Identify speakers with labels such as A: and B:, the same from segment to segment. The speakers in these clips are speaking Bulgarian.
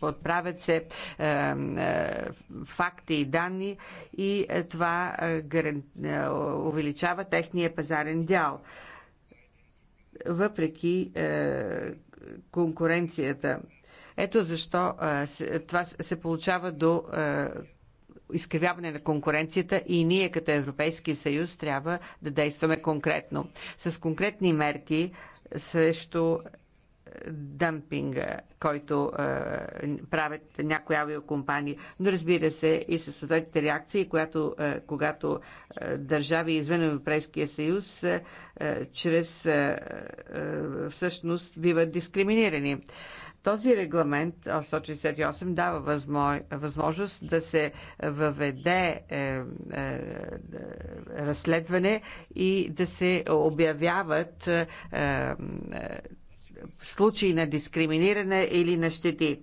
A: подправят се е, е, факти и данни и е, това е, е, увеличава техния пазарен дял. Въпреки е, конкуренцията. Ето защо това се получава до изкривяване на конкуренцията и ние като Европейски съюз трябва да действаме конкретно. С конкретни мерки срещу дъмпинга, който е, правят някои авиокомпании, но разбира се и със съответните реакции, която, е, когато е, държави извън Европейския съюз е, е чрез е, е, всъщност биват дискриминирани. Този регламент 168 дава възможност да се въведе е, е, разследване и да се обявяват е, е случаи на дискриминиране или на щети.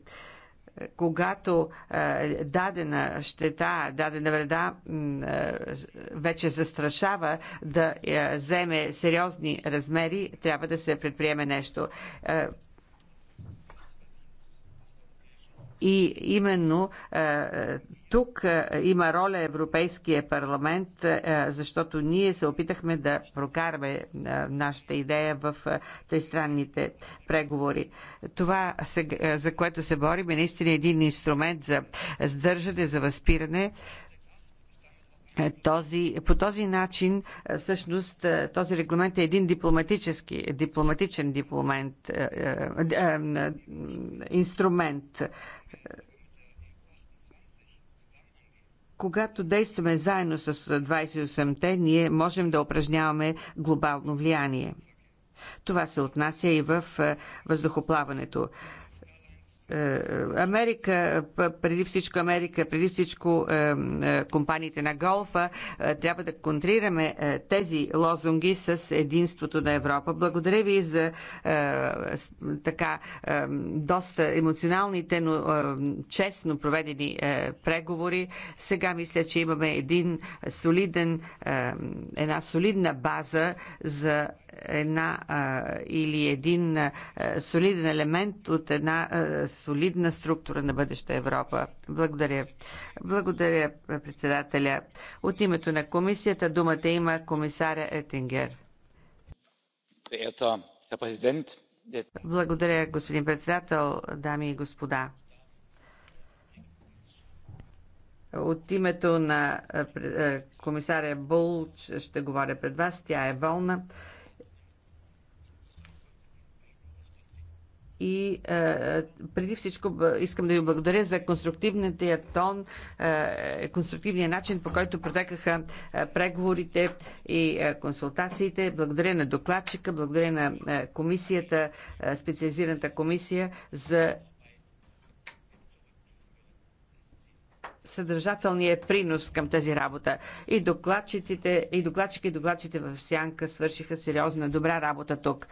A: Когато е, дадена щета, дадена вреда е, вече застрашава да е, вземе сериозни размери, трябва да се предприеме нещо. Е, И именно е, е, тук е, има роля Европейския парламент, защото ние се опитахме да прокарваме нашата идея в тристранните преговори. Това, за което се борим, е наистина един инструмент за сдържане, за възпиране, този, по този начин, е, всъщност, е, този регламент е един дипломатически, е, дипломатичен дипломент, е, е, е, инструмент. Когато действаме заедно с 28-те, ние можем да упражняваме глобално влияние. Това се отнася и в въздухоплаването. Е, е, Америка, преди всичко Америка, преди всичко е, компаниите на голфа, трябва да контрираме тези лозунги с единството на Европа. Благодаря ви за така доста емоционалните, но честно проведени преговори. Сега мисля, че имаме един солиден, една солидна база за една а, или един а, солиден елемент от една а, солидна структура на бъдеща Европа. Благодаря. Благодаря, председателя. От името на комисията думата има комисаря Етингер. Благодаря, господин председател, дами и господа. От името на комисаря Бул ще говоря пред вас. Тя е болна. и е, е, преди всичко искам да ви благодаря за конструктивния тон, е, е, конструктивния начин, по който протекаха е, преговорите и е, консултациите. Благодаря на докладчика, благодаря на е, комисията, е, специализираната комисия за съдържателния принос към тази работа. И докладчиците, и докладчики, и докладчите в Сянка свършиха сериозна, добра работа тук.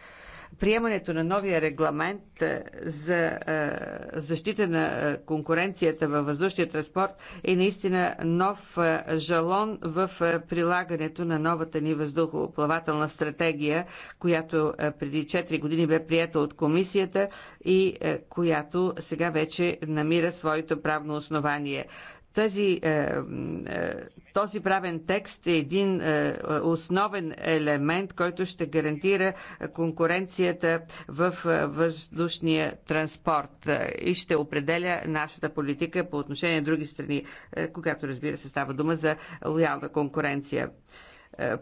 A: Приемането на новия регламент е, за е, защита на е, конкуренцията във въздушния транспорт е наистина нов жалон в прилагането на новата ни въздухоплавателна стратегия, която преди 4 години бе прията от комисията и която сега вече намира своето правно основание. Тази, е, е, този правен текст е един е, основен елемент, който ще гарантира конкуренцията в въздушния транспорт и ще определя нашата политика по отношение на други страни, когато разбира се става дума за лоялна конкуренция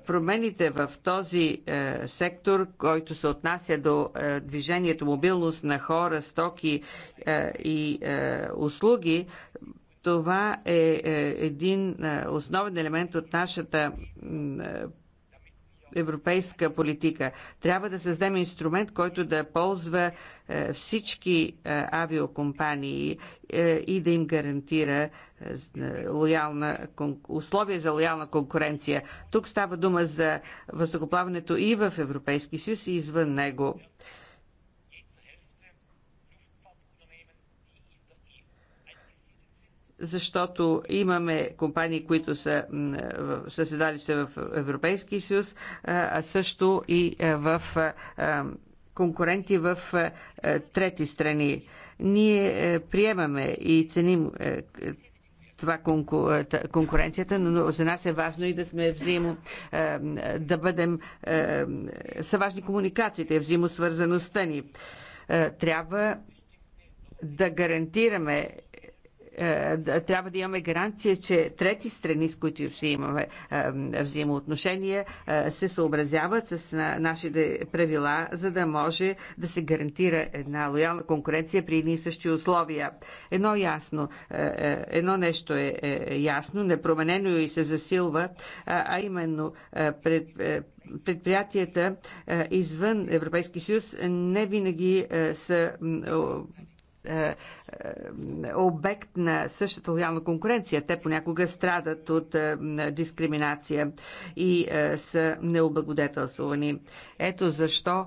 A: промените в този сектор, който се отнася до движението, мобилност на хора, стоки и услуги, това е, е един е, основен елемент от нашата е, европейска политика. Трябва да създадем инструмент, който да ползва всички авиокомпании и да им гарантира лоялна, условия за лоялна конкуренция. Тук става дума за въздухоплаването и в Европейски съюз, и извън него. защото имаме компании, които са съседалище в Европейския съюз, а също и в конкуренти в трети страни. Ние е, приемаме и ценим е, това е, конкуренцията, но за нас е важно и да сме взаимо, да бъдем, са важни комуникациите, взаимосвързаността ни. Трябва да гарантираме е, трябва да имаме гаранция, че трети страни, с които имаме е, взаимоотношения, е, се съобразяват с нашите правила, за да може да се гарантира една лоялна конкуренция при едни и същи условия. Едно ясно, едно нещо е ясно, непроменено и се засилва, а именно пред предприятията извън Европейски съюз не винаги са е, е, обект на същата лоялна конкуренция. Те понякога страдат от е, дискриминация и са необлагодетелствани. Ето защо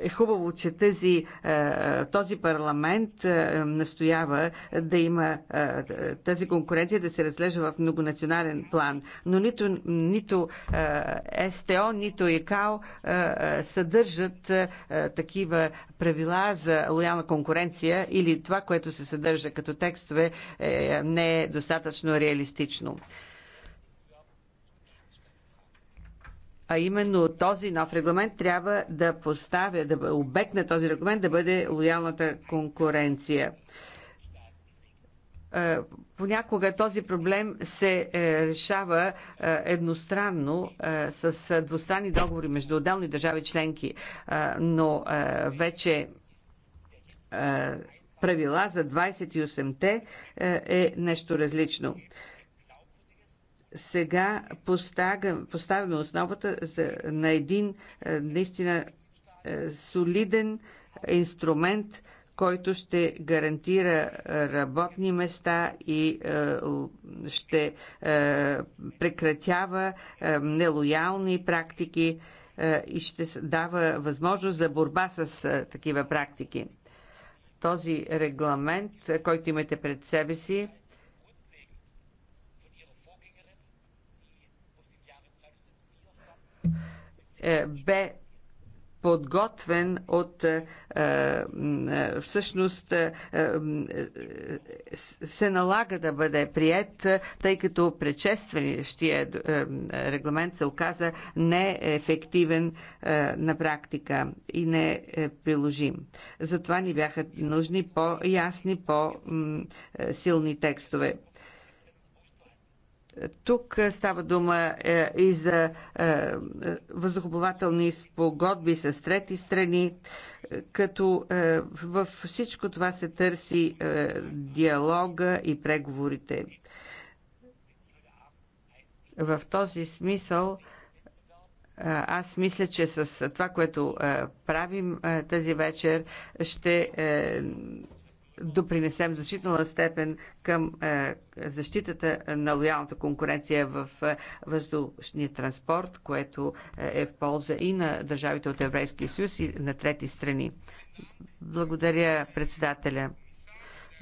A: е хубаво, че тази, е, този парламент е, настоява да има е, тази конкуренция да се разглежда в многонационален план. Но нито, нито СТО, нито ИКАО съдържат такива правила за лоялна конкуренция или това, което се съдържа като текстове, не е достатъчно реалистично. а именно този нов регламент трябва да поставя, да обект на този регламент да бъде лоялната конкуренция. Е, понякога този проблем се е, решава е, едностранно с двустранни договори между отделни държави членки, но вече правила за 28-те е нещо различно сега поставяме основата за, на един е, наистина е, солиден инструмент, който ще гарантира е, работни места и ще прекратява нелоялни практики и ще дава възможност за борба с такива практики. Този регламент, който имате пред себе си, Е, бе подготвен от е, е, всъщност се налага да бъде прият, тъй като предшестващия регламент се оказа неефективен на практика и не приложим. Затова ни бяха нужни по-ясни, по-силни текстове. Тук е, става дума е, и за е, въздухоплавателни спогодби с трети страни, като във всичко това се търси диалога и преговорите. В този смисъл аз мисля, че с това, което правим тази вечер, ще допринесем значителна степен към е, защитата на лоялната конкуренция в е, въздушния транспорт, което е, е в полза и на държавите от Еврейския съюз и на трети страни. Благодаря председателя.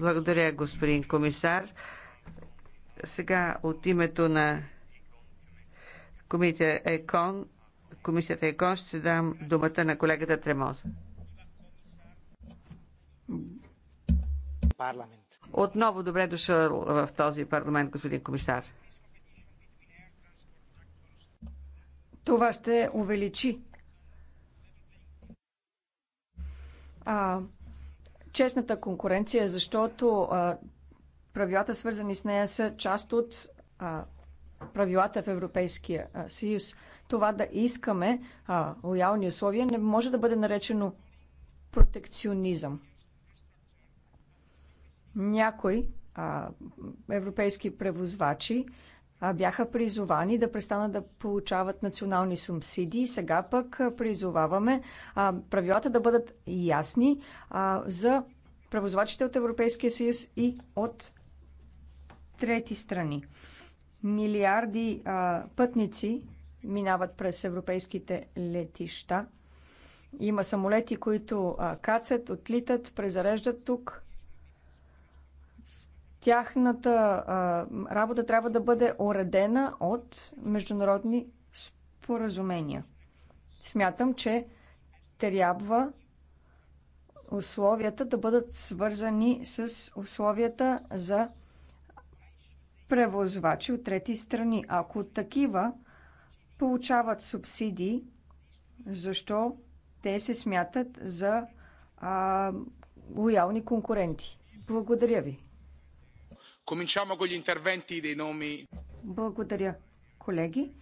A: Благодаря господин комисар. Сега от името на ЕКОН, комисията ЕКОН ще дам думата на колегата Тремоза. Отново добре дошъл в този парламент, господин комисар.
B: Това ще увеличи а, честната конкуренция, защото а, правилата, свързани с нея, са част от а, правилата в Европейския а, съюз. Това да искаме а, лоялни условия не може да бъде наречено протекционизъм. Някои а, европейски превозвачи а, бяха призовани да престанат да получават национални субсидии. Сега пък призоваваме а, правилата да бъдат ясни а, за превозвачите от Европейския съюз и от трети страни. Милиарди а, пътници минават през европейските летища. Има самолети, които а, кацат, отлитат, презареждат тук Тяхната а, работа трябва да бъде уредена от международни споразумения. Смятам, че трябва условията да бъдат свързани с условията за превозвачи от трети страни. Ако такива получават субсидии, защо те се смятат за а, лоялни конкуренти? Благодаря ви.
C: Cominciamo con gli interventi dei nomi.
B: Благодаря, колеги.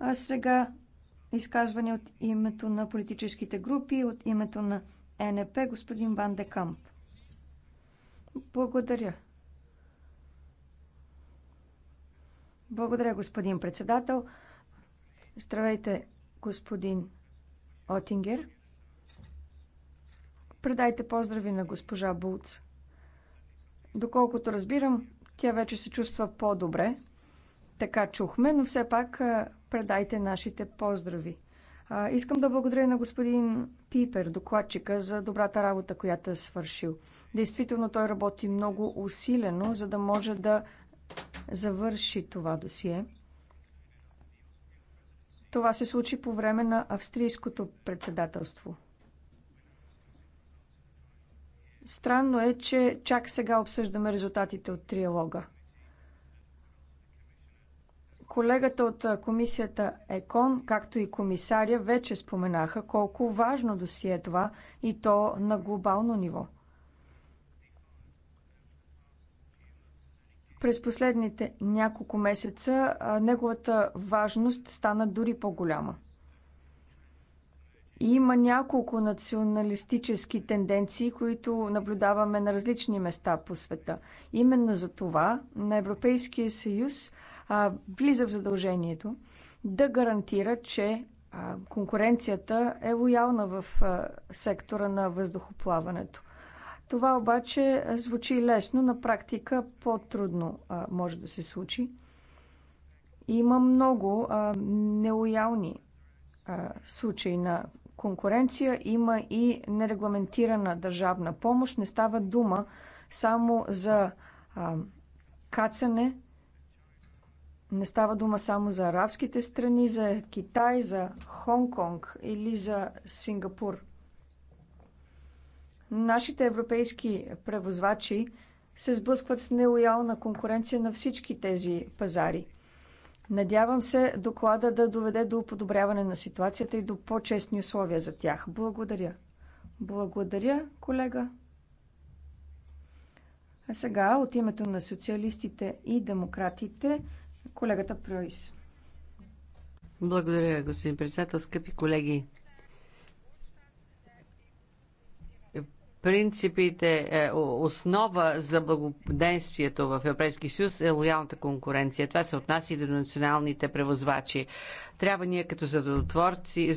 B: А сега изказване от името на политическите групи, от името на НП, господин Ван де Камп. Благодаря. Благодаря, господин председател. Здравейте, господин Отингер. Предайте поздрави на госпожа Булц. Доколкото разбирам, тя вече се чувства по-добре. Така чухме, но все пак предайте нашите поздрави. А, искам да благодаря на господин Пипер, докладчика, за добрата работа, която е свършил. Действително той работи много усилено, за да може да завърши това досие. Това се случи по време на австрийското председателство. Странно е, че чак сега обсъждаме резултатите от триалога. Колегата от комисията ЕКОН, както и комисаря, вече споменаха колко важно досие е това и то на глобално ниво. През последните няколко месеца неговата важност стана дори по-голяма. Има няколко националистически тенденции, които наблюдаваме на различни места по света. Именно за това на Европейския съюз а, влиза в задължението да гарантира, че а, конкуренцията е лоялна в а, сектора на въздухоплаването. Това обаче звучи лесно, на практика по-трудно може да се случи. Има много а, нелоялни а, случаи на конкуренция, има и нерегламентирана държавна помощ. Не става дума само за а, кацане, не става дума само за арабските страни, за Китай, за Хонг-Конг или за Сингапур. Нашите европейски превозвачи се сблъскват с нелоялна конкуренция на всички тези пазари – Надявам се доклада да доведе до подобряване на ситуацията и до по-честни условия за тях. Благодаря. Благодаря, колега. А сега от името на социалистите и демократите, колегата Пройс.
A: Благодаря, господин председател, скъпи колеги. принципите, е, основа за благоденствието в Европейския съюз е лоялната конкуренция. Това се отнася и до националните превозвачи. Трябва ние като законотворци,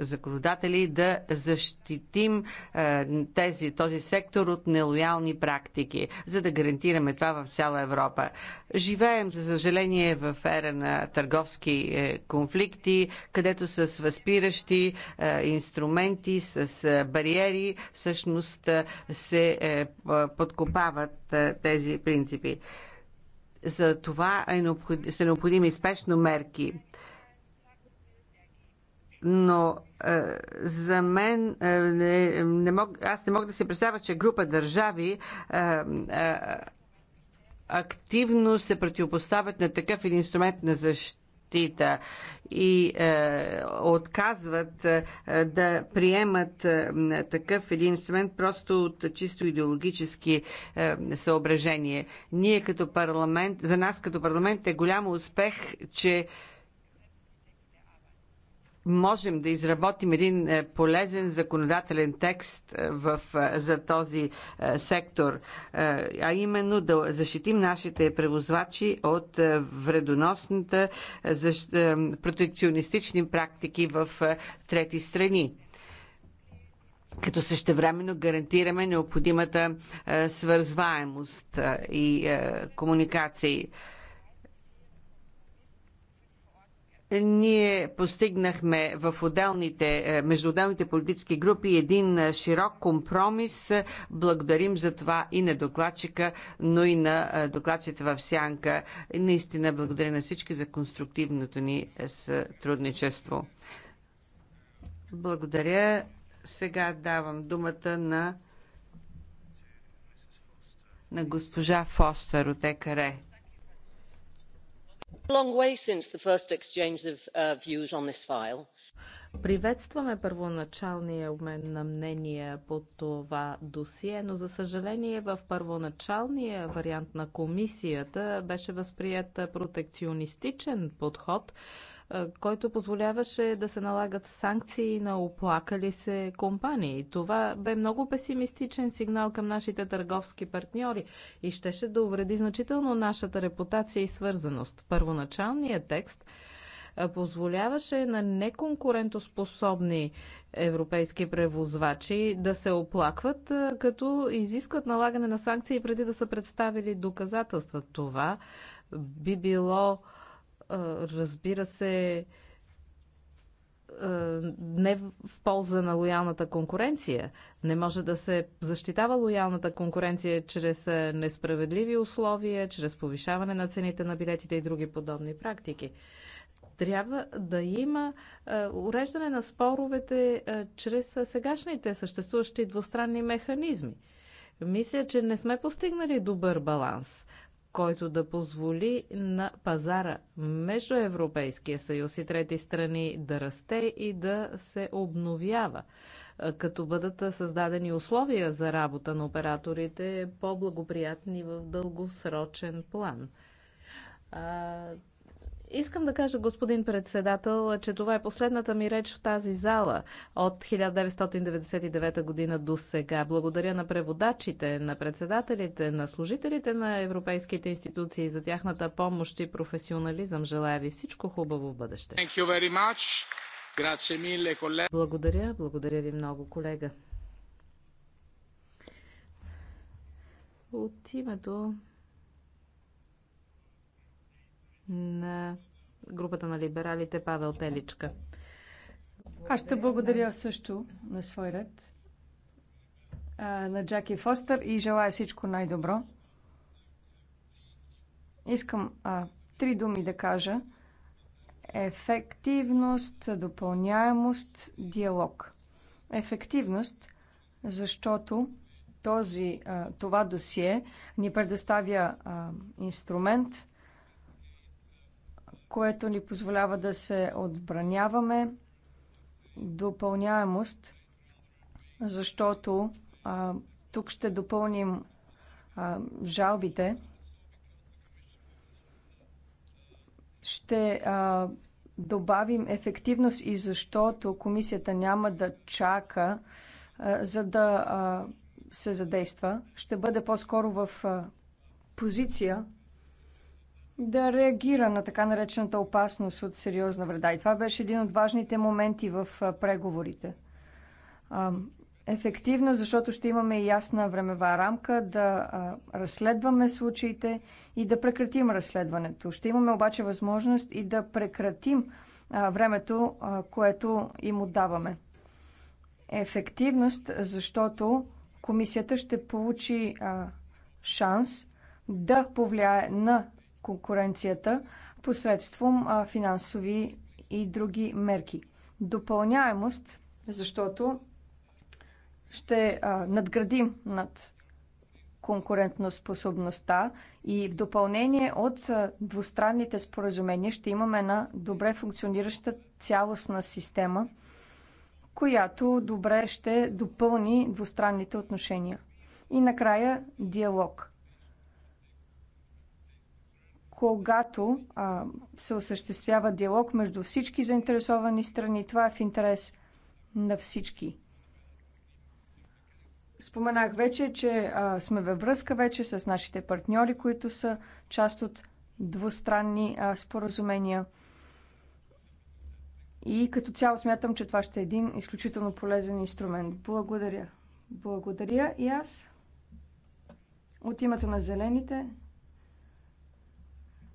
A: законодатели да защитим е, тези, този сектор от нелоялни практики, за да гарантираме това в цяла Европа. Живеем, за съжаление, в ера на търговски е, конфликти, където с възпиращи е, инструменти, с бариери, всъщност се подкопават тези принципи. За това е необходим, са необходими спешно мерки но е, за мен е, не, не мог, аз не мога да се представя, че група държави е, е, активно се противопоставят на такъв един инструмент на защита и е, отказват е, да приемат е, такъв един инструмент просто от чисто идеологически е, съображение. Ние като парламент, за нас като парламент е голям успех, че е, можем да изработим един е, полезен законодателен текст е, в, е, за този сектор, а именно да защитим нашите превозвачи от вредоносната протекционистични практики в трети страни като същевременно гарантираме необходимата свързваемост и комуникации. ние постигнахме в отделните, е, между отделните политически групи един е, широк компромис. Благодарим за това и на докладчика, но и на е, докладчите в Сянка. Наистина благодаря на всички за конструктивното ни сътрудничество. Благодаря. Сега давам думата на на госпожа Фостер от ЕКАРЕ.
C: Приветстваме първоначалния обмен на мнения по това досие, но за съжаление в първоначалния вариант на комисията беше възприят протекционистичен подход, който позволяваше да се налагат санкции на оплакали се компании. Това бе много песимистичен сигнал към нашите търговски партньори и щеше да увреди значително нашата репутация и свързаност. Първоначалният текст позволяваше на неконкурентоспособни европейски превозвачи да се оплакват, като изискват налагане на санкции преди да са представили доказателства. Това би било разбира се, не в полза на лоялната конкуренция. Не може да се защитава лоялната конкуренция чрез несправедливи условия, чрез повишаване на цените на билетите и други подобни практики. Трябва да има уреждане на споровете чрез сегашните съществуващи двустранни механизми. Мисля, че не сме постигнали добър баланс който да позволи на пазара между Европейския съюз и трети страни да расте и да се обновява, като бъдат създадени условия за работа на операторите по-благоприятни в дългосрочен план. Искам да кажа, господин председател, че това е последната ми реч в тази зала от 1999 година до сега. Благодаря на преводачите, на председателите, на служителите на европейските институции за тяхната помощ и професионализъм. Желая ви всичко хубаво в бъдеще.
B: Mille,
C: благодаря, благодаря ви много, колега. От името на групата на либералите Павел Теличка. Аз ще благодаря
B: също на свой ред на Джаки Фостър и желая всичко най-добро. Искам а, три думи да кажа. Ефективност, допълняемост, диалог. Ефективност, защото този, а, това досие ни предоставя а, инструмент – което ни позволява да се отбраняваме. Допълняемост, защото а, тук ще допълним а, жалбите. Ще а, добавим ефективност и защото комисията няма да чака, а, за да а, се задейства. Ще бъде по-скоро в а, позиция да реагира на така наречената опасност от сериозна вреда. И това беше един от важните моменти в преговорите. Ефективно, защото ще имаме ясна времева рамка да разследваме случаите и да прекратим разследването. Ще имаме обаче възможност и да прекратим времето, което им отдаваме. Ефективност, защото комисията ще получи шанс да повлияе на конкуренцията посредством финансови и други мерки. Допълняемост, защото ще надградим над конкурентноспособността и в допълнение от двустранните споразумения ще имаме една добре функционираща цялостна система, която добре ще допълни двустранните отношения. И накрая диалог когато а, се осъществява диалог между всички заинтересовани страни. Това е в интерес на всички. Споменах вече, че а, сме във връзка вече с нашите партньори, които са част от двустранни а, споразумения. И като цяло смятам, че това ще е един изключително полезен инструмент. Благодаря. Благодаря и аз. От името на зелените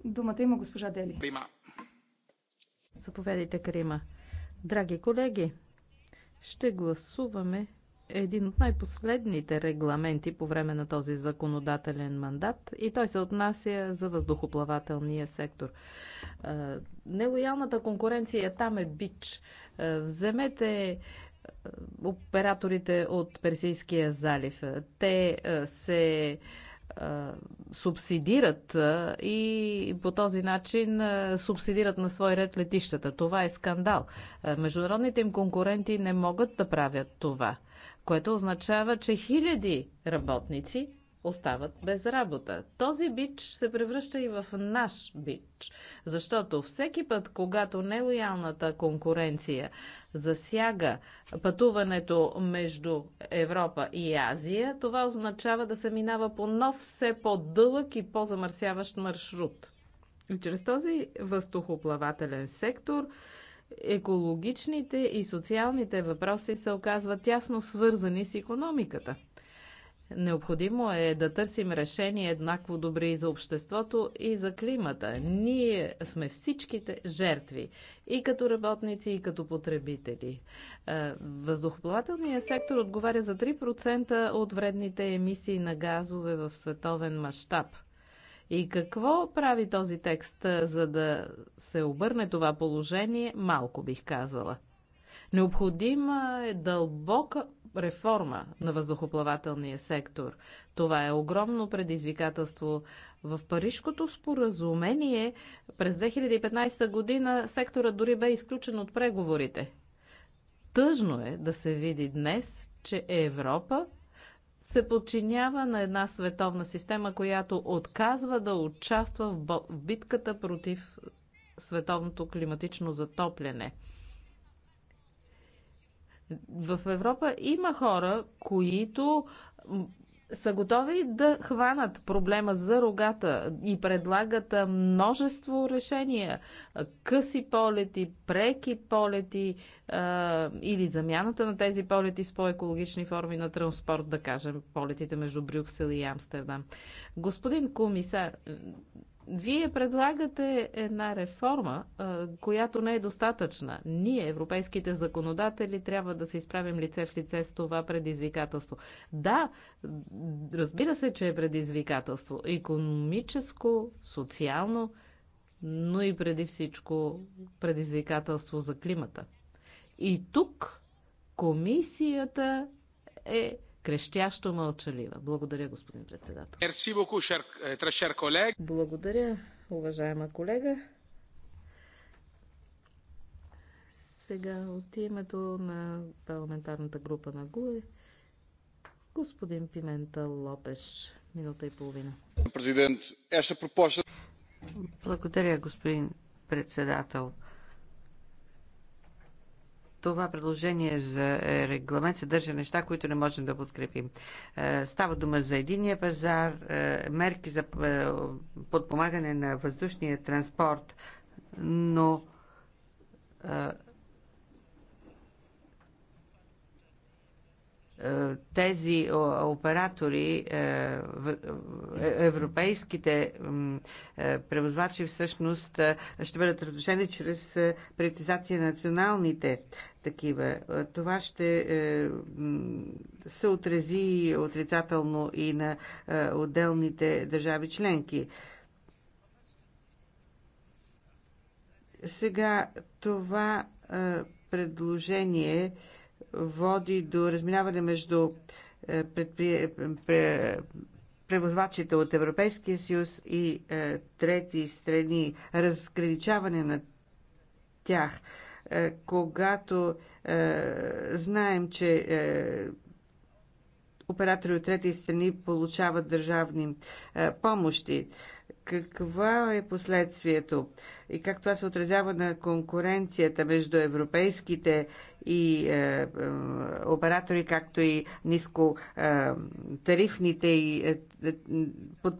B: Думата има госпожа Дели. Прима. Заповядайте, Карима. Драги колеги,
C: ще гласуваме един от най-последните регламенти по време на този законодателен мандат и той се отнася за въздухоплавателния сектор. Нелоялната конкуренция там е бич. Вземете операторите от Персийския залив. Те се субсидират и по този начин субсидират на свой ред летищата. Това е скандал. Международните им конкуренти не могат да правят това, което означава, че хиляди работници остават без работа. Този бич се превръща и в наш бич, защото всеки път, когато нелоялната конкуренция засяга пътуването между Европа и Азия, това означава да се минава по нов, все по-дълъг и по-замърсяващ маршрут. И чрез този въздухоплавателен сектор екологичните и социалните въпроси се оказват тясно свързани с економиката. Необходимо е да търсим решения еднакво добри и за обществото, и за климата. Ние сме всичките жертви, и като работници, и като потребители. Е, въздухоплавателният сектор отговаря за 3% от вредните емисии на газове в световен мащаб. И какво прави този текст, е, за да се обърне това положение, малко бих казала. Необходима е дълбока реформа на въздухоплавателния сектор. Това е огромно предизвикателство. В Парижкото споразумение през 2015 година сектора дори бе изключен от преговорите. Тъжно е да се види днес, че Европа се подчинява на една световна система, която отказва да участва в битката против световното климатично затопляне. В Европа има хора, които са готови да хванат проблема за рогата и предлагат множество решения. Къси полети, преки полети а, или замяната на тези полети с по-екологични форми на транспорт, да кажем, полетите между Брюксел и Амстердам. Господин комисар, вие предлагате една реформа, която не е достатъчна. Ние, европейските законодатели, трябва да се изправим лице в лице с това предизвикателство. Да, разбира се, че е предизвикателство. Економическо, социално, но и преди всичко предизвикателство за климата. И тук комисията е крещящо мълчалива. Благодаря, господин председател. Е, Благодаря, уважаема колега. Сега от името на парламентарната група на ГУЕ, господин Пимента Лопеш. Минута и половина. Благодаря, господин
A: председател. Това предложение за е, регламент съдържа неща, които не можем да подкрепим. Е, става дума за единия пазар, е, мерки за подпомагане на въздушния транспорт, но Е, тези оператори, е, е, европейските превозвачи всъщност ще бъдат разрушени чрез приватизация на националните такива. Това ще се отрези отрицателно и на отделните държави членки. Сега това предложение е води до разминаване между е, превозвачите от Европейския съюз и е, трети страни, разграничаване на тях. Е, когато знаем, че оператори от трети страни получават държавни помощи. Каква е последствието и как това се отразява на конкуренцията между европейските и е, е, оператори, както и ниско е, тарифните и е, е, под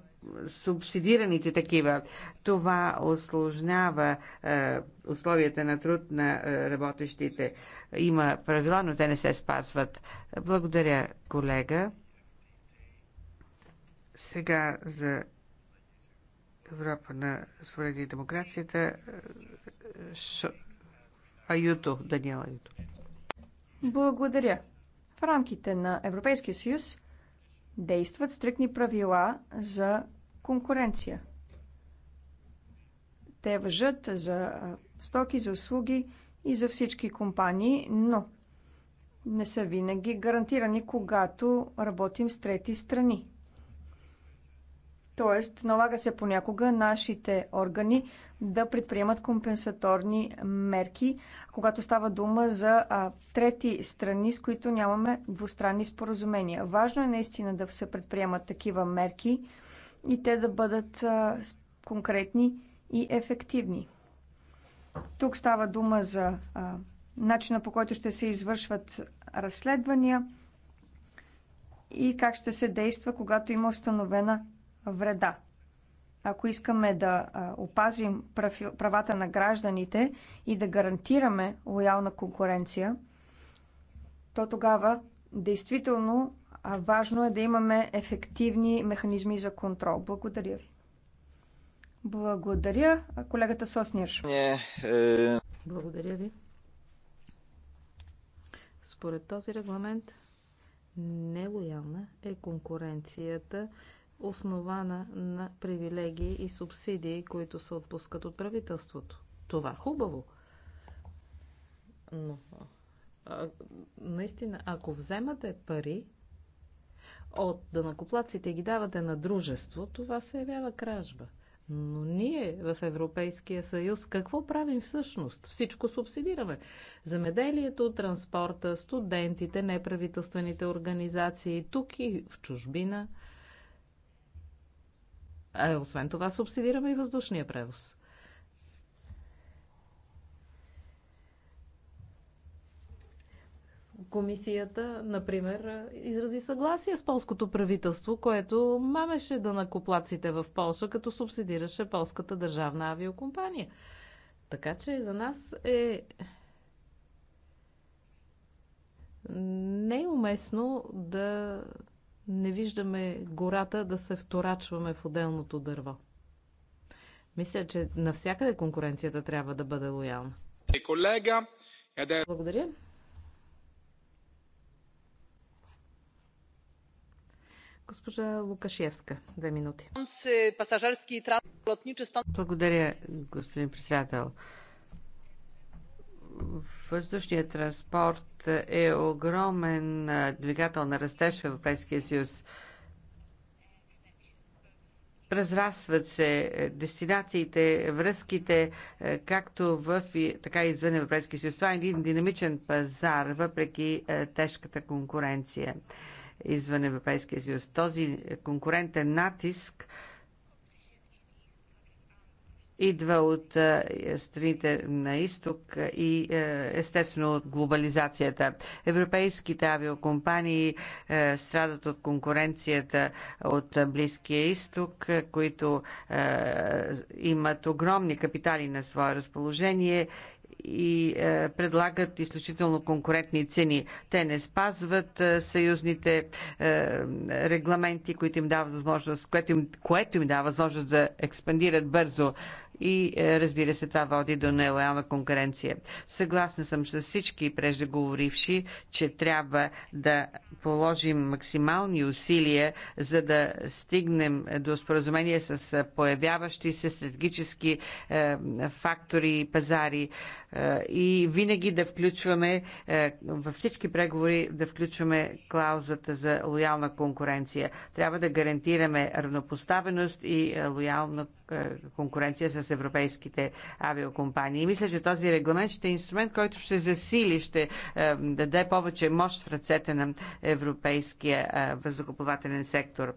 A: субсидираните такива. Това осложнява е, условията на труд на е, работещите. Има правила, но те не се спазват. Благодаря, колега. Сега за Европа на свободата и демокрацията е, Аюто, Даниела Аюто.
B: Благодаря. В рамките на Европейския съюз действат стрикни правила за конкуренция. Те въжат за стоки, за услуги и за всички компании, но не са винаги гарантирани, когато работим с трети страни. Тоест, налага се понякога нашите органи да предприемат компенсаторни мерки, когато става дума за а, трети страни, с които нямаме двустранни споразумения. Важно е наистина да се предприемат такива мерки и те да бъдат а, конкретни и ефективни. Тук става дума за а, начина по който ще се извършват разследвания и как ще се действа, когато има установена вреда. Ако искаме да опазим правата на гражданите и да гарантираме лоялна конкуренция, то тогава действително важно е да имаме ефективни механизми за контрол. Благодаря ви. Благодаря. Колегата Сосниш.
C: Не,
A: е...
B: Благодаря ви.
C: Според този регламент нелоялна е конкуренцията основана на привилегии и субсидии, които се отпускат от правителството. Това хубаво. Но а, наистина, ако вземате пари от дънакоплаците и ги давате на дружество, това се явява кражба. Но ние в Европейския съюз какво правим всъщност? Всичко субсидираме. Замеделието, транспорта, студентите, неправителствените организации тук и в чужбина – а освен това субсидираме и въздушния превоз. Комисията, например, изрази съгласие с полското правителство, което мамеше да накоплаците в Полша, като субсидираше полската държавна авиокомпания. Така че за нас е неуместно да не виждаме гората да се вторачваме в отделното дърво. Мисля, че навсякъде конкуренцията трябва да бъде лоялна. Е, колега, Благодаря. Госпожа Лукашевска, две минути. Благодаря, господин
A: председател. Въздушният транспорт е огромен двигател на растеж в Европейския съюз. Разрастват се е, дестинациите, връзките, е, както в, така и извън Европейския съюз. Това е един динамичен пазар, въпреки е, тежката конкуренция извън Европейския съюз. Този конкурентен натиск идва от е, страните на изток и е, естествено от глобализацията. Европейските авиокомпании е, страдат от конкуренцията от Близкия изток, които имат огромни капитали на свое разположение и предлагат изключително конкурентни цени. Те не спазват съюзните регламенти, които им дава възможност, което им, което им дава възможност да експандират бързо и е, разбира се това води до нелоялна конкуренция. Съгласна съм с всички преждеговоривши, че трябва да положим максимални усилия, за да стигнем до споразумение с е, появяващи се стратегически е, фактори и пазари и винаги да включваме във всички преговори да включваме клаузата за лоялна конкуренция. Трябва да гарантираме равнопоставеност и лоялна конкуренция с с европейските авиокомпании. И мисля, че този регламент ще е инструмент, който ще засили, ще е, даде повече мощ в ръцете на европейския е, въздухоплавателен сектор.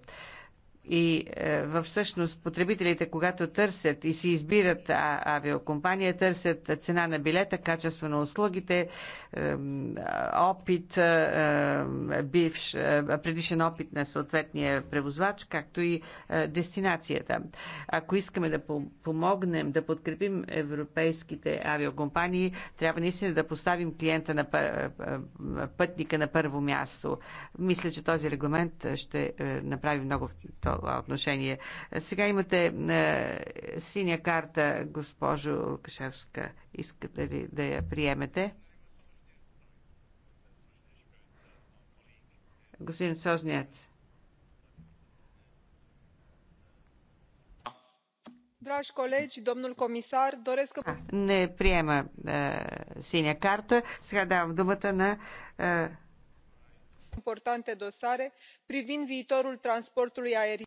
A: И е, всъщност потребителите, когато търсят и си избират а, авиокомпания, търсят цена на билета, качество на услугите, е, опит, е, бивш, е, предишен опит на съответния превозвач, както и е, дестинацията. Ако искаме да помогнем, да подкрепим европейските авиокомпании, трябва наистина да поставим клиента на е, е, пътника на първо място. Мисля, че този регламент ще е, направи много в това отношение. Сега имате а, е, синя карта, госпожо Лукашевска. Искате ли да я приемете? Господин Сознец.
C: колеги, colegi, комисар, comisar, а,
A: Не приема а, е, синя карта. Сега давам думата на
C: а, е, importante dosare privind viitorul transportului aerian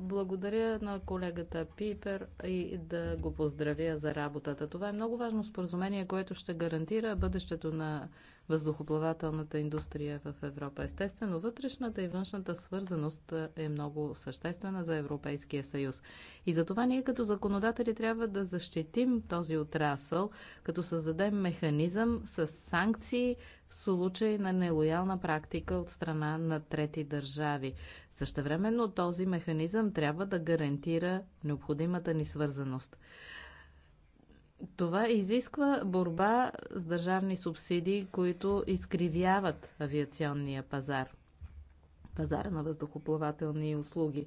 C: благодаря на колегата Пипер и да го поздравя за работата. Това е много важно споразумение, което ще гарантира бъдещето на въздухоплавателната индустрия в Европа. Естествено, вътрешната и външната свързаност е много съществена за Европейския съюз. И затова ние като законодатели трябва да защитим този отрасъл, като създадем механизъм с санкции в случай на нелоялна практика от страна на трети държави. Същевременно този механизъм трябва да гарантира необходимата ни свързаност. Това изисква борба с държавни субсидии, които изкривяват авиационния пазар, пазара на въздухоплавателни услуги.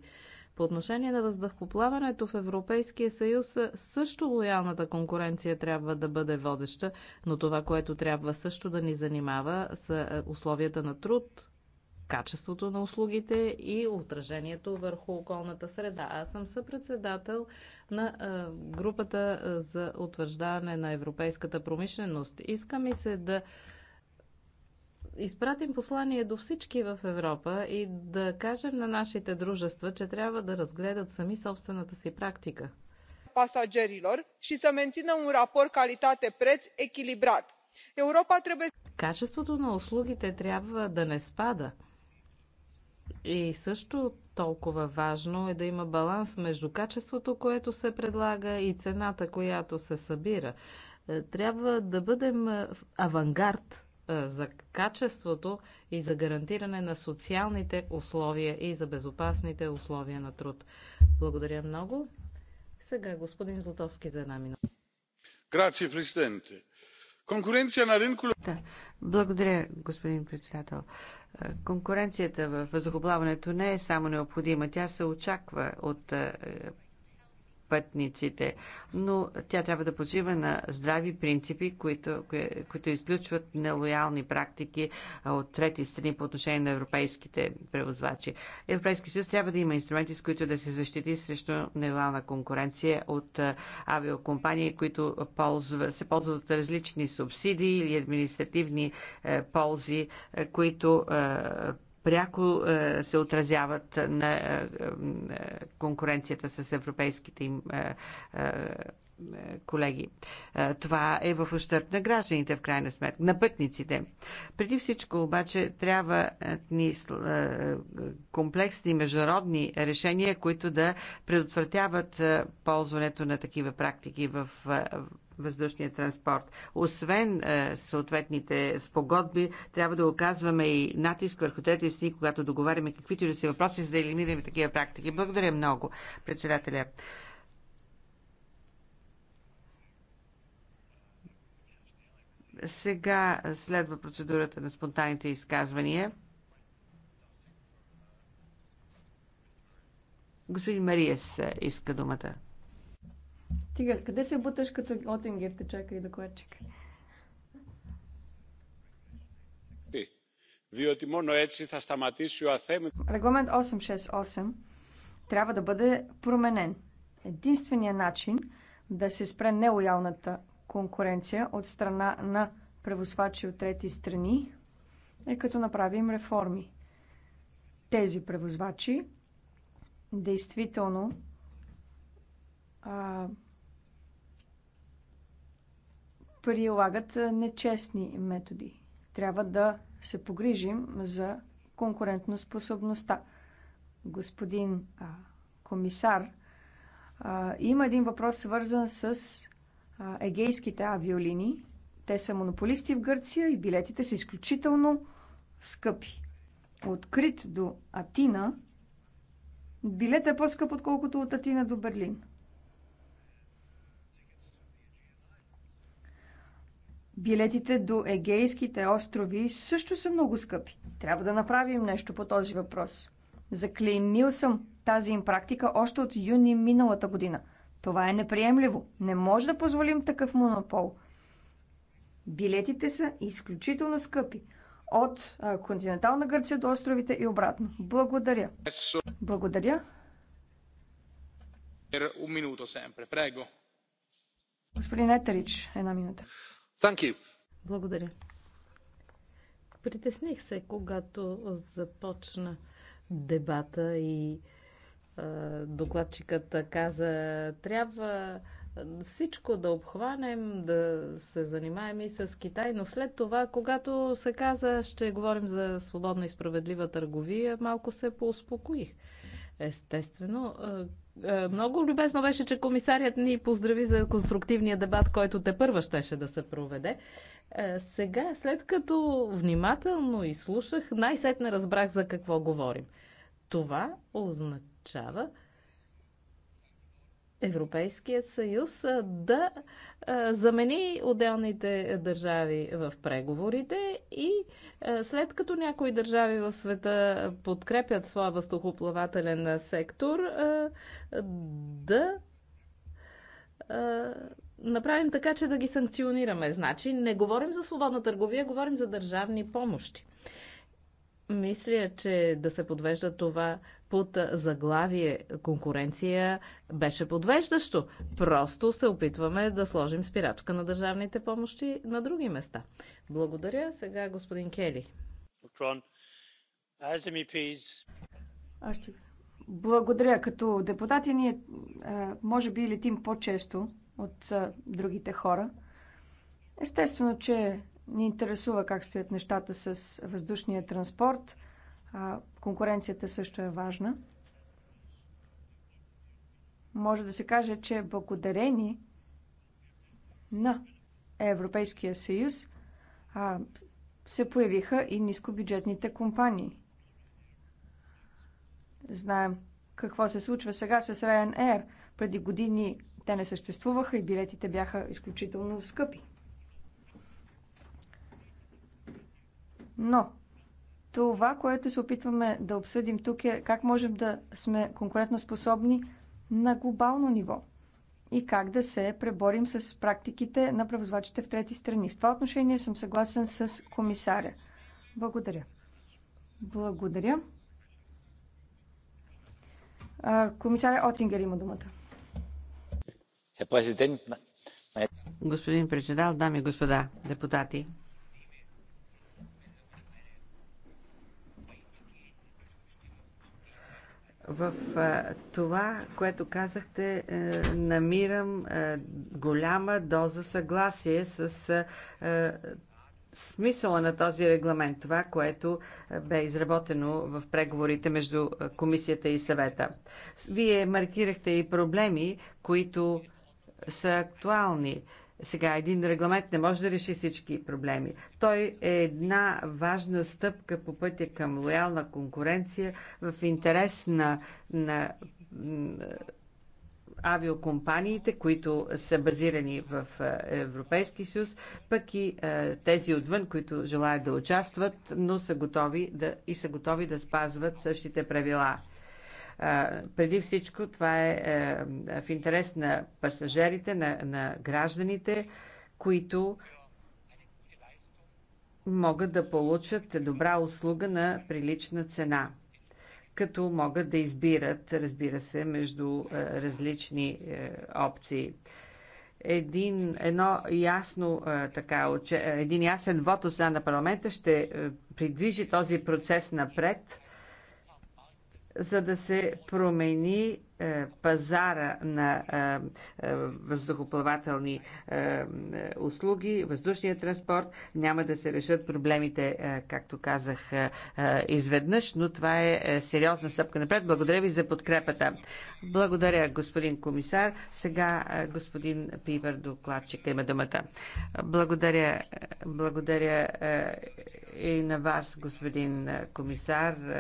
C: По отношение на въздухоплаването в Европейския съюз също лоялната конкуренция трябва да бъде водеща, но това, което трябва също да ни занимава, са е, условията на труд, качеството на услугите и отражението върху околната среда. Аз съм съпредседател на групата за утвърждаване на европейската промишленост. Иска ми се да изпратим послание до всички в Европа и да кажем на нашите дружества, че трябва да разгледат сами собствената си практика. pasagerilor и да ментина un raport калитате-прец echilibrat. Европа трябва. Качеството на услугите трябва да не спада. И също толкова важно е да има баланс между качеството, което се предлага и цената, която се събира. Е, трябва да бъдем е, авангард е, за качеството и за гарантиране на социалните условия и за безопасните условия на труд. Благодаря много. Сега господин Златовски за една минута. Грация, президенте Конкуренция на рынку... Да. Благодаря, господин председател. Е,
A: конкуренцията в въздухоплаването не е само необходима, тя се очаква от е, пътниците, но тя трябва да почива на здрави принципи, които, които изключват нелоялни практики от трети страни по отношение на европейските превозвачи. Европейски съюз трябва да има инструменти, с които да се защити срещу нелоялна конкуренция от авиокомпании, които ползва, се ползват от различни субсидии или административни е, ползи, е, които е, пряко е, се отразяват на е, е, конкуренцията с европейските им колеги. Това е в ущърп на гражданите, в крайна сметка, на пътниците. Преди всичко, обаче, трябва ни комплексни международни решения, които да предотвратяват ползването на такива практики в въздушния транспорт. Освен е, съответните спогодби, трябва да оказваме и натиск върху трети страни, когато договаряме каквито и да си въпроси, за да елиминираме такива практики. Благодаря много, председателя. Сега следва процедурата на спонтанните изказвания. Господин Мариес иска думата.
B: Тига, къде се буташ като Отенгер, те чака и докладчик?
A: Διότι μόνο έτσι θα σταματήσει ο αθέμητος...
B: Регламент 868 трябва да бъде променен. Единственият начин да се спре нелоялната конкуренция от страна на превозвачи от трети страни е като направим реформи. Тези превозвачи действително а, прилагат нечестни методи. Трябва да се погрижим за конкурентоспособността. Господин а, комисар, а, има един въпрос свързан с а, егейските авиолини. Те са монополисти в Гърция и билетите са изключително скъпи. Открит до Атина билет е по-скъп, отколкото от Атина до Берлин. билетите до Егейските острови също са много скъпи. Трябва да направим нещо по този въпрос. Заклеймил съм тази им практика още от юни миналата година. Това е неприемливо. Не може да позволим такъв монопол. Билетите са изключително скъпи. От а, континентална Гърция до островите и обратно. Благодаря. Благодаря. Господин Етерич, една минута.
C: Благодаря. Притесних се, когато започна дебата и е, докладчикът каза, трябва всичко да обхванем, да се занимаем и с Китай, но след това, когато се каза, ще говорим за свободна и справедлива търговия, малко се поуспокоих. Естествено, е, много любезно беше, че комисарият ни поздрави за конструктивния дебат, който те първа щеше да се проведе. Е, сега, след като внимателно изслушах, най-сетне разбрах за какво говорим. Това означава, Европейският съюз да замени отделните държави в преговорите и след като някои държави в света подкрепят своя въздухоплавателен сектор, да направим така, че да ги санкционираме. Значи не говорим за свободна търговия, говорим за държавни помощи. Мисля, че да се подвежда това под заглавие конкуренция беше подвеждащо. Просто се опитваме да сложим спирачка на държавните помощи на други места. Благодаря. Сега господин Кели.
B: E благодаря. Като депутати ние е, може би летим по-често от е, другите хора. Естествено, че ни интересува как стоят нещата с въздушния транспорт. Конкуренцията също е важна. Може да се каже, че благодарение на Европейския съюз се появиха и нискобюджетните компании. Знаем какво се случва сега с Ryanair. Преди години те не съществуваха и билетите бяха изключително скъпи. Но това, което се опитваме да обсъдим тук е как можем да сме конкурентоспособни на глобално ниво и как да се преборим с практиките на превозвачите в трети страни. В това отношение съм съгласен с комисаря. Благодаря. Благодаря. Комисаря Отингер има думата.
A: Господин председател, дами и господа депутати, В това, което казахте, е, намирам е, голяма доза съгласие с е, смисъла на този регламент, това, което бе изработено в преговорите между комисията и съвета. Вие маркирахте и проблеми, които са актуални сега един регламент не може да реши всички проблеми. Той е една важна стъпка по пътя към лоялна конкуренция в интерес на, на, авиокомпаниите, които са базирани в е, Европейски съюз, пък и е, тези отвън, които желаят да участват, но са готови да, и са готови да спазват същите правила. Преди всичко това е, е в интерес на пасажирите, на, на гражданите, които могат да получат добра услуга на прилична цена като могат да избират, разбира се, между е, различни е, опции. Един, едно ясно, така, един ясен вод от страна на парламента ще придвижи този процес напред за да се промени е, пазара на е, е, въздухоплавателни е, е, услуги, въздушния транспорт. Няма да се решат проблемите, е, както казах, изведнъж, но това е сериозна стъпка напред. Благодаря ви за подкрепата. Благодаря, господин комисар. Сега господин Пивър, докладчик, има думата. Благодаря, благодаря и на вас, господин комисар, е,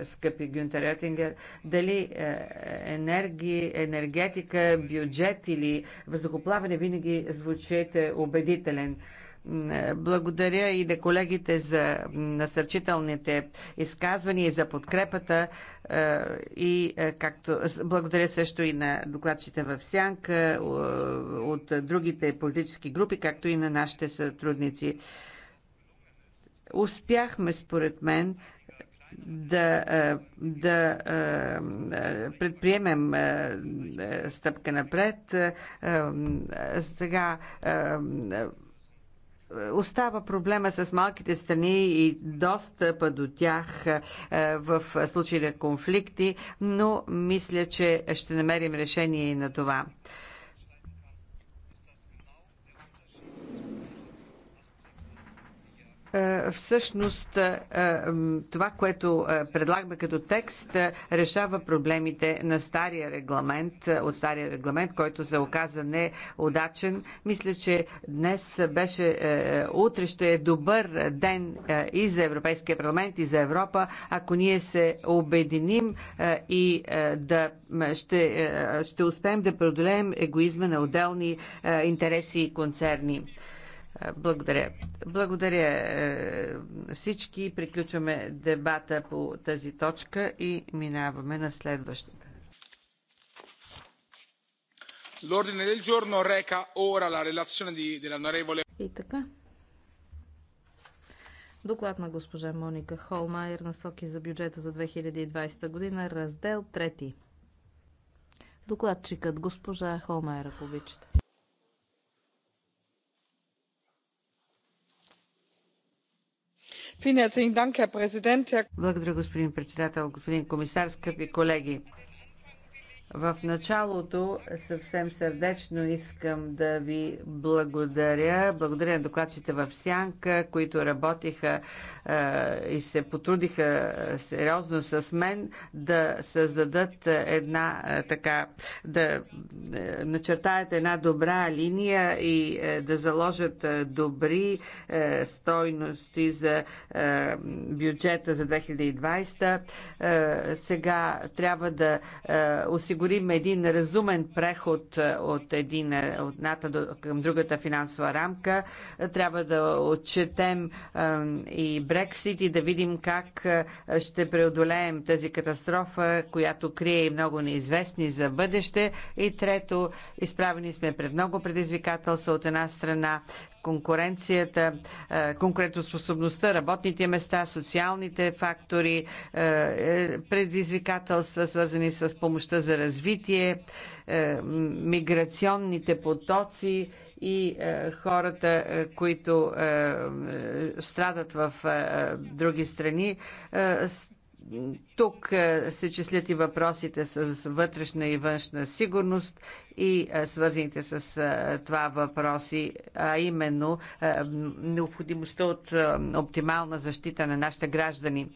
A: е, скъпи Гюнтер Ротингер, дали е, енергия, енергетика, бюджет или въздухоплаване винаги звучите убедителен. Благодаря и на колегите за насърчителните изказвания и за подкрепата. И както, благодаря също и на докладчите в Сянка от другите политически групи, както и на нашите сътрудници успяхме, според мен, да, да предприемем стъпка напред. Сега остава проблема с малките страни и достъпа до тях в случай на конфликти, но мисля, че ще намерим решение и на това. Е, всъщност е, това, което е, предлагаме като текст, решава проблемите на стария регламент, от стария регламент, който се оказа неудачен. Мисля, че днес беше, утре ще е добър ден и за Европейския парламент, и за Европа, ако ние се обединим и да ще, ще успеем да преодолеем егоизма на отделни интереси и концерни. Благодаря. Благодаря е, всички. Приключваме дебата по тази точка и минаваме на следващата.
C: L'ordine del giorno reca ora la relazione dell'onorevole. И така. Доклад на госпожа Моника Холмайер насоки за бюджета за 2020 година, раздел 3. Докладчикът госпожа Холмайер, ако обичате. Благодаря,
A: господин председател, господин комисар, скъпи колеги. В началото съвсем сърдечно искам да ви благодаря. Благодаря на докладчите в Сянка, които работиха е, и се потрудиха сериозно с мен да създадат една е, така, да е, начертаят една добра линия и е, да заложат е, добри е, стойности за е, бюджета за 2020. Е, сега трябва да е, осигурим осигурим един разумен преход е, от, един, е, от едната към другата финансова рамка. Трябва да отчетем е, и Брексит и да видим как ще преодолеем тази катастрофа, която крие и много неизвестни за бъдеще. И трето, изправени сме пред много предизвикателства от една страна конкуренцията, е, конкурентоспособността, работните места, социалните фактори, е, е, предизвикателства, свързани с помощта за развитие, миграционните потоци и хората, които страдат в други страни. тук се числят и въпросите с вътрешна и външна сигурност и свързаните с това въпроси, а именно необходимостта от оптимална защита на нашите граждани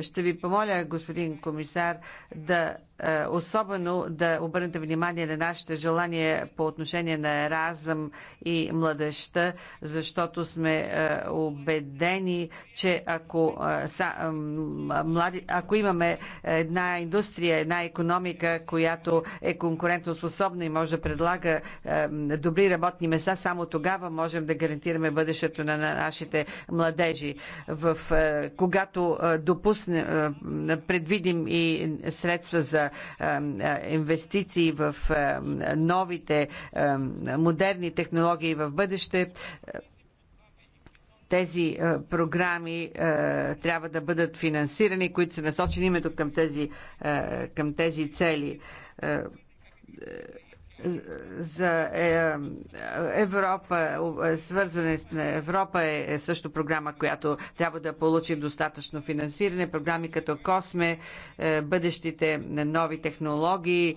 A: ще ви помоля, господин комисар, да е, особено да обърнете внимание на нашите желания по отношение на разъм и младеща, защото сме е, убедени, че ако, е, са, млади, ако имаме една индустрия, една економика, която е конкурентоспособна и може да предлага добри работни места, само тогава можем да гарантираме бъдещето на нашите младежи. В, когато допълнително допуснем, предвидим и средства за инвестиции в новите модерни технологии в бъдеще, тези програми трябва да бъдат финансирани, които са насочени името към тези, към тези цели за е, Европа, е, свързване с Европа е, е също програма, която трябва да получи достатъчно финансиране. Програми като Косме, бъдещите нови технологии,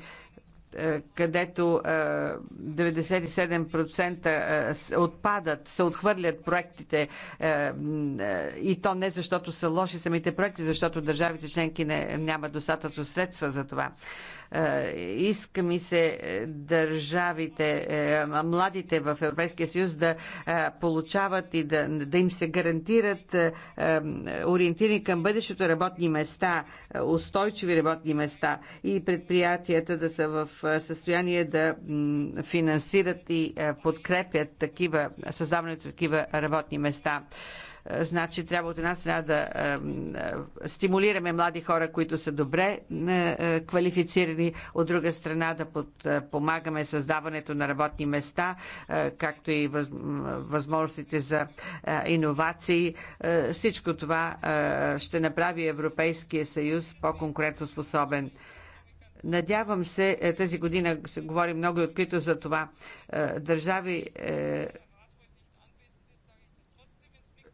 A: където 97% отпадат, се отхвърлят проектите и то не защото са лоши самите проекти, защото държавите членки не, няма достатъчно средства за това. Е, иска ми се е, държавите, е, младите в Европейския съюз да получават и да, да им се гарантират ориентирани към бъдещето работни места, устойчиви работни места и предприятията да са в състояние да финансират и подкрепят такива, създаването такива работни места. Е, значи трябва от една страна да е, е, стимулираме млади хора, които са добре квалифицирани, от друга страна да подпомагаме създаването на работни места, както и възможностите за иновации. Всичко това ще направи Европейския съюз по-конкурентоспособен. Надявам се, тази година се говори много открито за това. Държави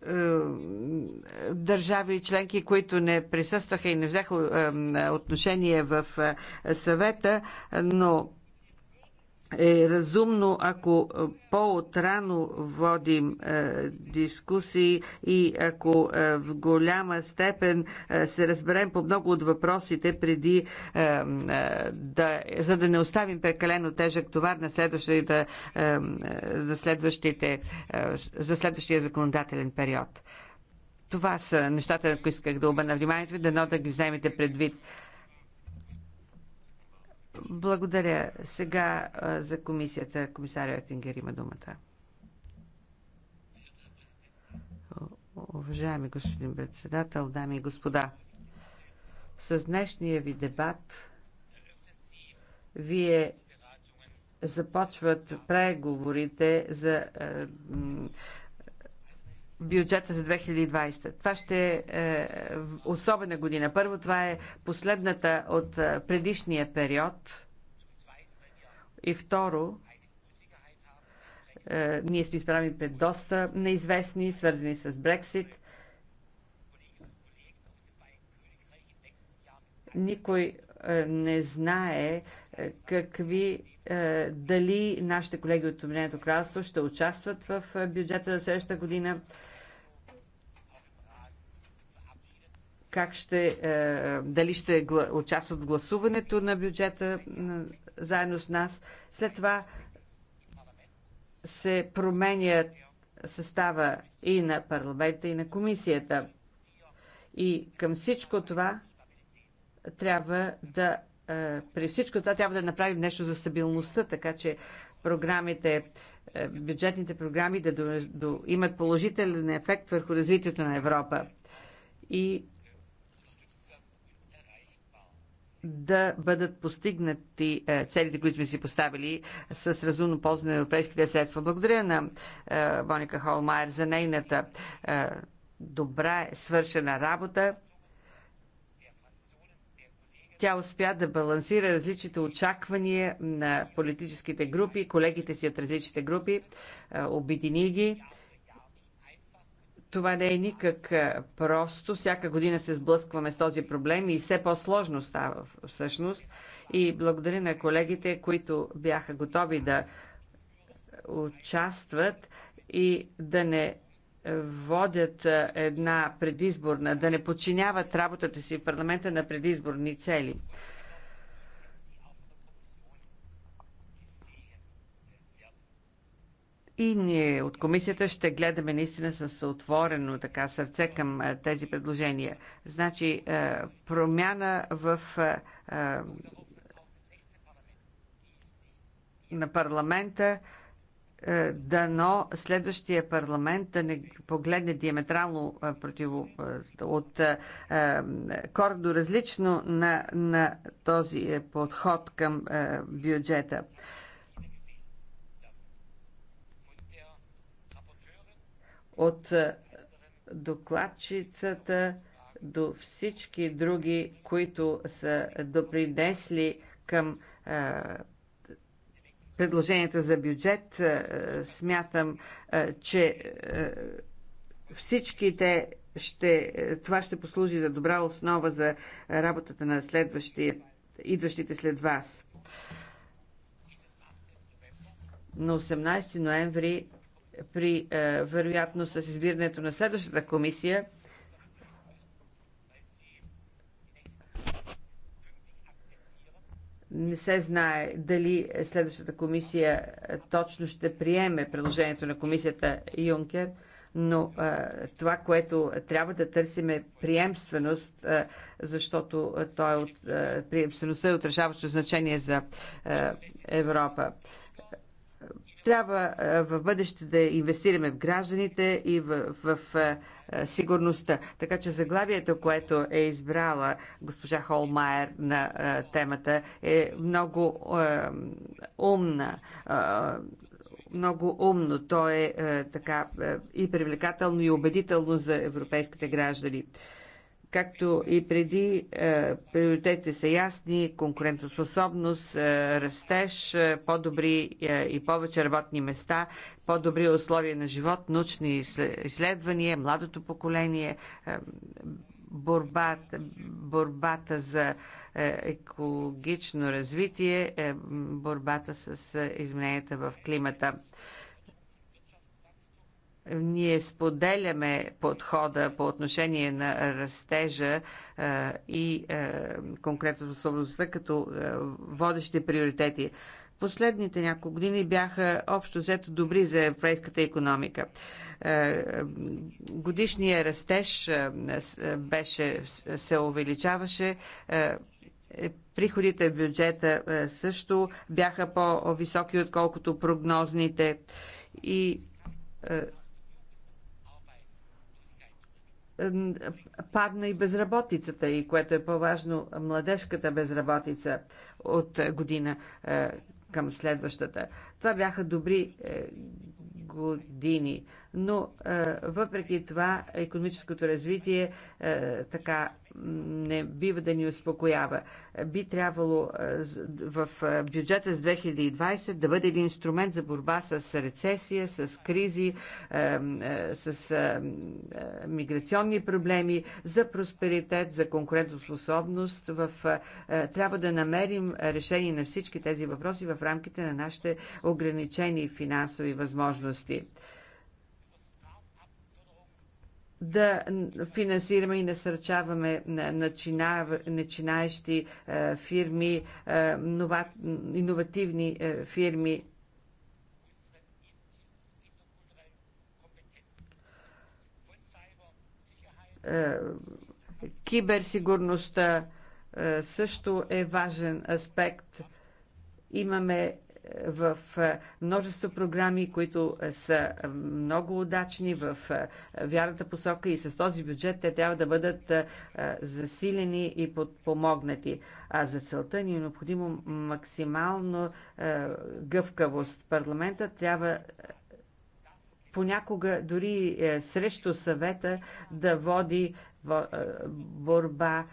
A: е, държави и членки, които не присъстваха и не взеха е, е, отношение в съвета, но е разумно, ако е, по-отрано водим е, дискусии и ако е, в голяма степен е, се разберем по много от въпросите преди, е, е да, за да не оставим прекалено тежък товар на следващите, е, е, на следващите, е, за следващия законодателен период. Това са нещата, на които исках да обърна вниманието ви, дано да ги вземете предвид. Благодаря. Сега за комисията. Комисаря Тингер има думата. Уважаеми господин председател, дами и господа, с днешния ви дебат вие започват преговорите за бюджета за 2020. Това ще е, е особена година. Първо, това е последната от е, предишния период. И второ, е, ние сме изправени пред доста неизвестни, свързани с Брексит. Никой не знае какви дали нашите колеги от Обединеното кралство ще участват в бюджета за следващата година. как ще, е, дали ще участват в гласуването на бюджета заедно с нас. След това се променя състава и на парламента, и на комисията. И към всичко това трябва да е, при всичко това трябва да направим нещо за стабилността, така че програмите, е, бюджетните програми да, до, имат положителен ефект върху развитието на Европа. И да бъдат постигнати е, целите, които сме си поставили с разумно ползване на европейските средства. Благодаря на е, Моника Холмайер за нейната е, добра свършена работа. Тя успя да балансира различните очаквания на политическите групи, колегите си от различните групи, обедини ги това не е никак просто. Всяка година се сблъскваме с този проблем и все по-сложно става всъщност. И благодаря на колегите, които бяха готови да участват и да не водят една предизборна, да не подчиняват работата си в парламента на предизборни цели. И ние от комисията ще гледаме наистина с отворено така сърце към тези предложения. Значи промяна в на парламента дано следващия парламент да не погледне диаметрално против, от кордо различно на, на този е, подход към бюджета. от е, докладчицата до всички други, които са допринесли към е, предложението за бюджет. Е, смятам, че всички те ще, това ще послужи за добра основа за работата на следващия, идващите след вас. На 18 ноември при е, вероятно с избирането на следващата комисия, не се знае дали следващата комисия е, точно ще приеме предложението на комисията Юнкер, но а, е, това, което трябва да търсим е приемственост, а, е, защото той е от, а, приемствеността е отражаващо значение за а, Европа. Трябва е, в бъдеще да инвестираме в гражданите и в, в, в е, сигурността. Така че заглавието, което е избрала госпожа Холмайер на е, темата е много е, умна. Е, много умно. То е, е така е, и привлекателно и убедително за европейските граждани. Както и преди, е, приоритетите са ясни конкурентоспособност, е, растеж, е, по-добри и повече работни места, по-добри условия на живот, научни изследвания, младото поколение, борбата, борбата за екологично развитие, борбата с измененията в климата. Ние споделяме подхода по отношение на растежа е, и е, конкретно способността като е, водещи приоритети последните няколко години бяха общо взето добри за европейската економика. Годишният растеж беше, се увеличаваше, приходите в бюджета също бяха по-високи, отколкото прогнозните и падна и безработицата и, което е по-важно, младежката безработица от година е, към следващата. Това бяха добри е, години, но е, въпреки това економическото развитие така не бива да ни успокоява. Би трябвало в бюджета с 2020 да бъде един инструмент за борба с рецесия, с кризи, с миграционни проблеми, за просперитет, за конкурентоспособност. Трябва да намерим решение на всички тези въпроси в рамките на нашите ограничени финансови възможности да финансираме и насърчаваме начинаещи е, фирми, е, иновативни е, фирми. Киберсигурността също е важен аспект. Имаме в е, множество програми, които е, са е, много удачни в вярната посока и с този бюджет те трябва да бъдат засилени и подпомогнати. А за целта ни е необходимо максимално гъвкавост. Парламента трябва понякога дори срещу съвета да води борба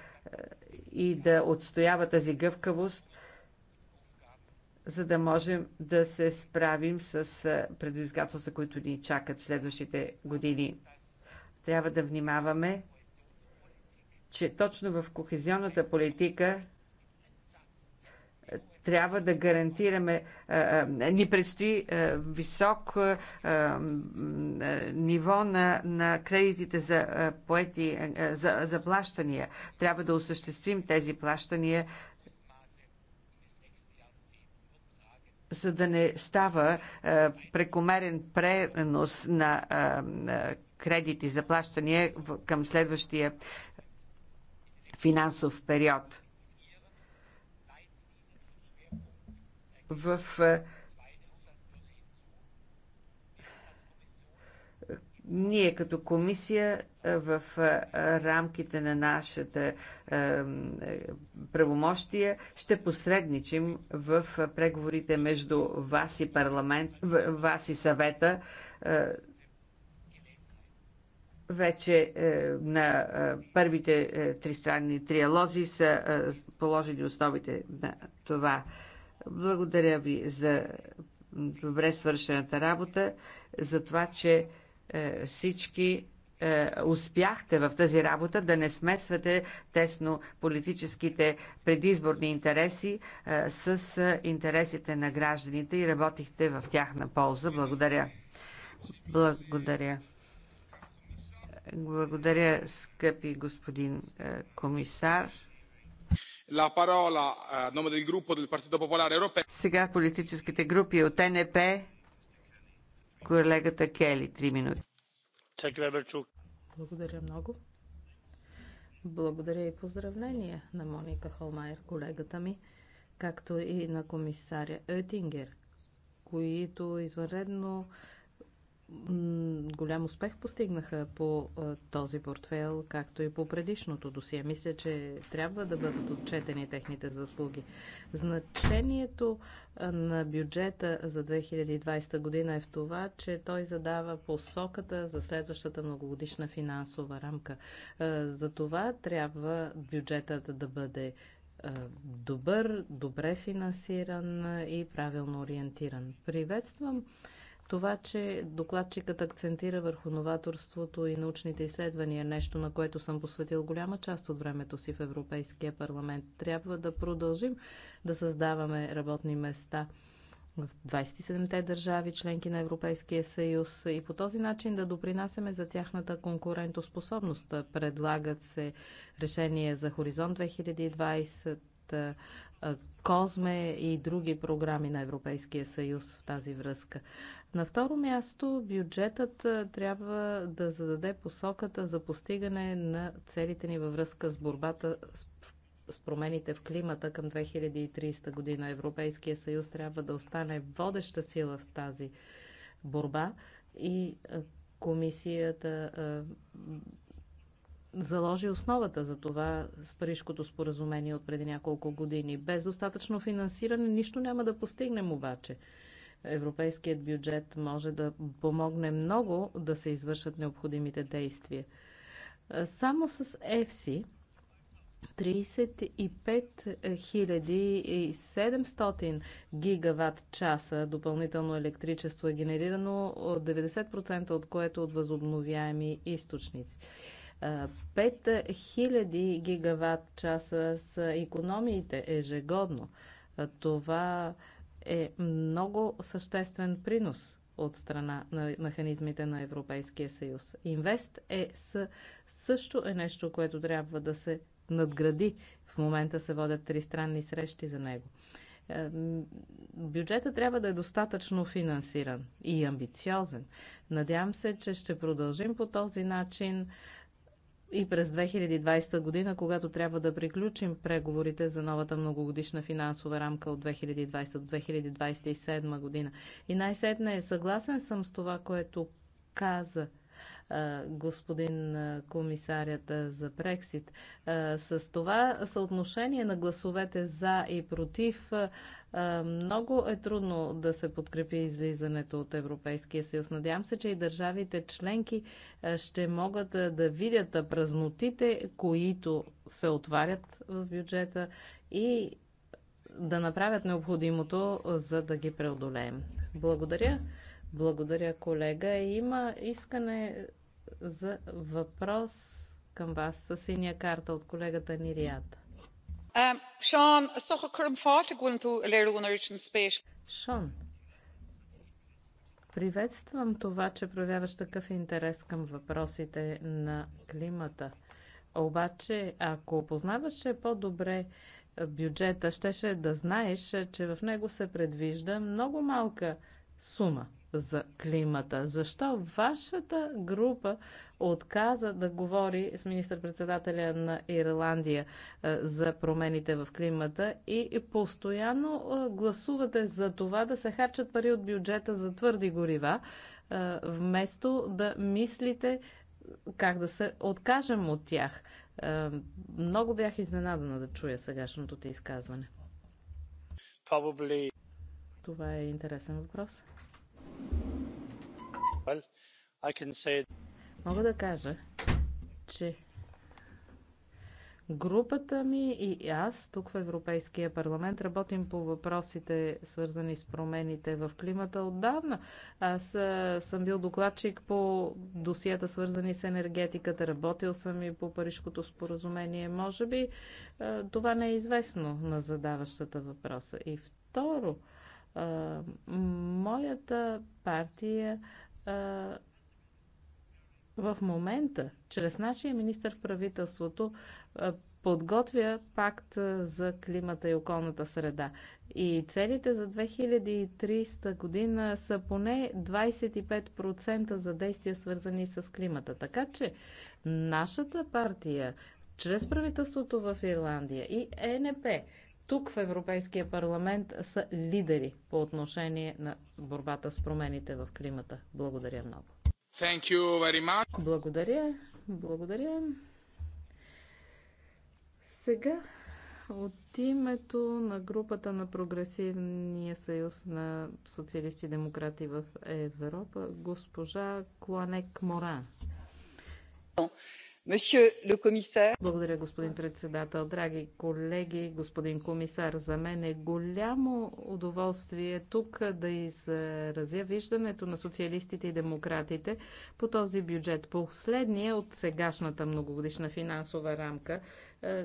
A: и да отстоява тази гъвкавост, за да можем да се справим с предизвикателства, които ни чакат следващите години. Трябва да внимаваме, че точно в кохезионната политика трябва да гарантираме, ни предстои висок ниво на, на кредитите за поети, за, за плащания. Трябва да осъществим тези плащания за да не става е, прекомерен пренос на е, кредити за плащания към следващия финансов период. В е, ние като комисия в рамките на нашата правомощия ще посредничим в преговорите между вас и парламент, вас и съвета вече е, на първите е, тристранни триалози са положени основите на това. Благодаря ви за добре свършената работа, за това, че е, всички е, успяхте в тази работа да не смесвате тесно политическите предизборни интереси е, с е, интересите на гражданите и работихте в тяхна полза. Благодаря. Благодаря. Благодаря, скъпи господин е, комисар.
C: Parola, е, del
A: Сега политическите групи от НП, колегата Кели, три минути.
C: Благодаря много. Благодаря и поздравления на Моника Холмайер, колегата ми, както и на комисаря Етингер, които извънредно голям успех постигнаха по този портфел, както и по предишното досие. Мисля, че трябва да бъдат отчетени техните заслуги. Значението на бюджета за 2020 година е в това, че той задава посоката за следващата многогодишна финансова рамка. За това трябва бюджетът да бъде добър, добре финансиран и правилно ориентиран. Приветствам това, че докладчикът акцентира върху новаторството и научните изследвания, нещо на което съм посветил голяма част от времето си в Европейския парламент, трябва да продължим да създаваме работни места в 27-те държави, членки на Европейския съюз и по този начин да допринасяме за тяхната конкурентоспособност. Предлагат се решения за Хоризонт 2020, Козме и други програми на Европейския съюз в тази връзка. На второ място, бюджетът трябва да зададе посоката за постигане на целите ни във връзка с борбата с с промените в климата към 2030 година. Европейския съюз трябва да остане водеща сила в тази борба и комисията заложи основата за това с Парижкото споразумение от преди няколко години. Без достатъчно финансиране нищо няма да постигнем обаче. Европейският бюджет може да помогне много да се извършат необходимите действия. Само с ЕФСИ 35 700 гигаватт часа допълнително електричество е генерирано, 90% от което от възобновяеми източници. 5000 гигаватт часа с економиите ежегодно. Това е много съществен принос от страна на механизмите на Европейския съюз. Инвест е също е нещо, което трябва да се надгради. В момента се водят три странни срещи за него. Е, Бюджета трябва да е достатъчно финансиран и амбициозен. Надявам се, че ще продължим по този начин и през 2020 година, когато трябва да приключим преговорите за новата многогодишна финансова рамка от 2020 до 2027 година. И най-сетне съгласен съм с това, което каза господин комисарят за Брексит. С това съотношение на гласовете за и против много е трудно да се подкрепи излизането от Европейския съюз. Надявам се, че и държавите членки ще могат да видят празнотите, които се отварят в бюджета и да направят необходимото, за да ги преодолеем. Благодаря. Благодаря, колега. Има искане за въпрос към вас с синя карта от колегата Нирията.
B: Шон, соха кърм фата гунту наричан спеш. Шон,
C: приветствам това, че проявяваш такъв интерес към въпросите на климата. Обаче, ако познаваше по-добре бюджета, щеше да знаеш, че в него се предвижда много малка сума за климата. Защо вашата група отказа да говори с министър-председателя на Ирландия за промените в климата и постоянно гласувате за това да се харчат пари от бюджета за твърди горива, вместо да мислите как да се откажем от тях. Много бях изненадана да чуя сегашното ти изказване. Това е интересен въпрос.
B: Well, say...
C: Мога да кажа, че групата ми и аз тук в Европейския парламент работим по въпросите, свързани с промените в климата отдавна. Аз съм бил докладчик по досията, свързани с енергетиката. Работил съм и по Парижкото споразумение. Може би това не е известно на задаващата въпроса. И второ, моята партия в момента, чрез нашия министр в правителството, подготвя пакт за климата и околната среда. И целите за 2300 година са поне 25% за действия свързани с климата. Така че нашата партия чрез правителството в Ирландия и ЕНП тук в Европейския парламент са лидери по отношение на борбата с промените в климата. Благодаря много. Thank you very much. Благодаря. Благодаря. Сега от името на групата на Прогресивния съюз на социалисти и демократи в Европа, госпожа Кланек Моран. Благодаря, господин председател. Драги колеги, господин комисар, за мен е голямо удоволствие тук да изразя виждането на социалистите и демократите по този бюджет. Последния от сегашната многогодишна финансова рамка е,